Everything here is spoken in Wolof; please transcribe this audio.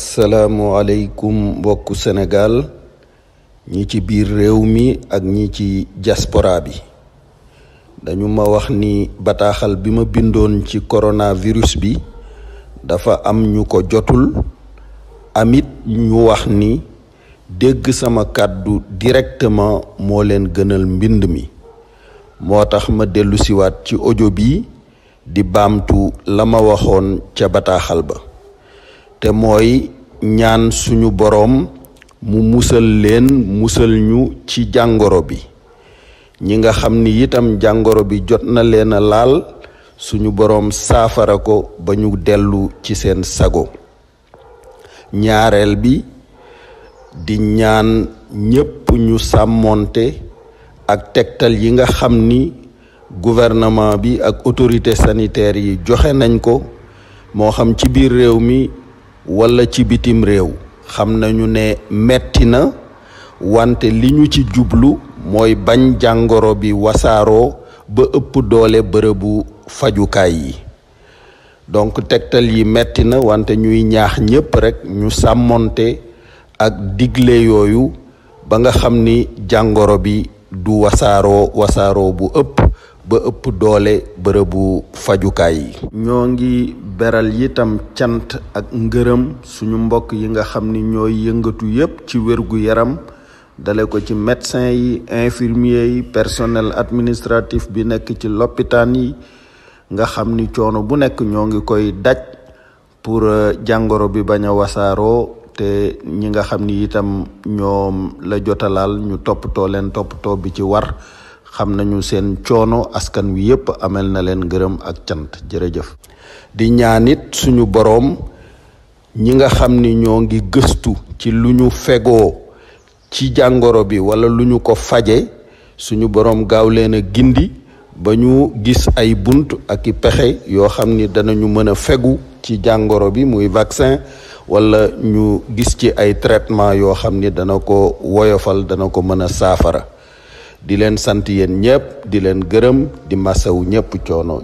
asalaamualeykum mbokku senegaal ñi ci biir réew mi ak ñi ci diaspora bi dañu ma wax ni bataaxal bi ma bindoon ci coronavirus bi dafa am ñu ko jotul amit ñu wax ni dégg sama kàddu directement moo leen gënal mbind mi moo tax ma dellusiwaat ci ojo bi di baamtu la ma waxoon ca bataaxal ba te mooy ñaan suñu boroom mu musal leen musal ñu ci jàngoro bi ñi nga xam ni itam jàngoro bi jot na leen a laal suñu boroom saafara ko ba ñu dellu ci seen sago ñaareel bi di ñaan ñépp ñu sàmmoonte ak tegtal yi nga xam ni gouvernement bi ak autorité saniteer yi joxe nañ ko moo xam ci biir réew mi wala ci bitim réew xam nañu ne metti na wante li ñu ci jublu mooy bañ jàngoro bi wasaaroo ba ëpp doole bërëbu fajukaay yi donc tegtal yi metti na wante ñuy ñaax ñépp rekk ñu sàmmoonte ak digle yooyu ba nga xam ni jàngoro bi du wasaaroo wasaaroo bu ëpp ba ëpp doole bërëbu fajukaay yi. ñoo ngi beral yitam cant ak ngërëm suñu mbokk yi nga xam ni ñooy yëngatu yépp ci wérgu yaram dale ko ci médecin yi infirmier yi personnel administratif bi nekk ci loppitaan yi nga xam ni coono bu nekk ñoo ngi koy daj pour euh, jàngoro bi bañ a wasaaroo te ñi nga xam ni itam ñoom la jotalaal ñu toppatoo leen toppatoo bi ci war xam nañu seen coono askan wi yépp amel na leen gërëm ak cant jërëjëf di ñaanit suñu boroom ñi nga xam ni ñoo ngi gëstu ci lu ñu fegoo ci jàngoro bi walla lu ñu ko faje suñu boroom gaaw leen a gindi ba ñu gis ay bunt ak i pexe yoo xam ni danañu mën a fegu ci jàngoro bi muy vaccin walla ñu gis ci ay traitement yoo xam ni dana ko woyofal dana ko mën a saafara di leen sant yéen ñëpp di leen gërëm di masawu ñëpp coono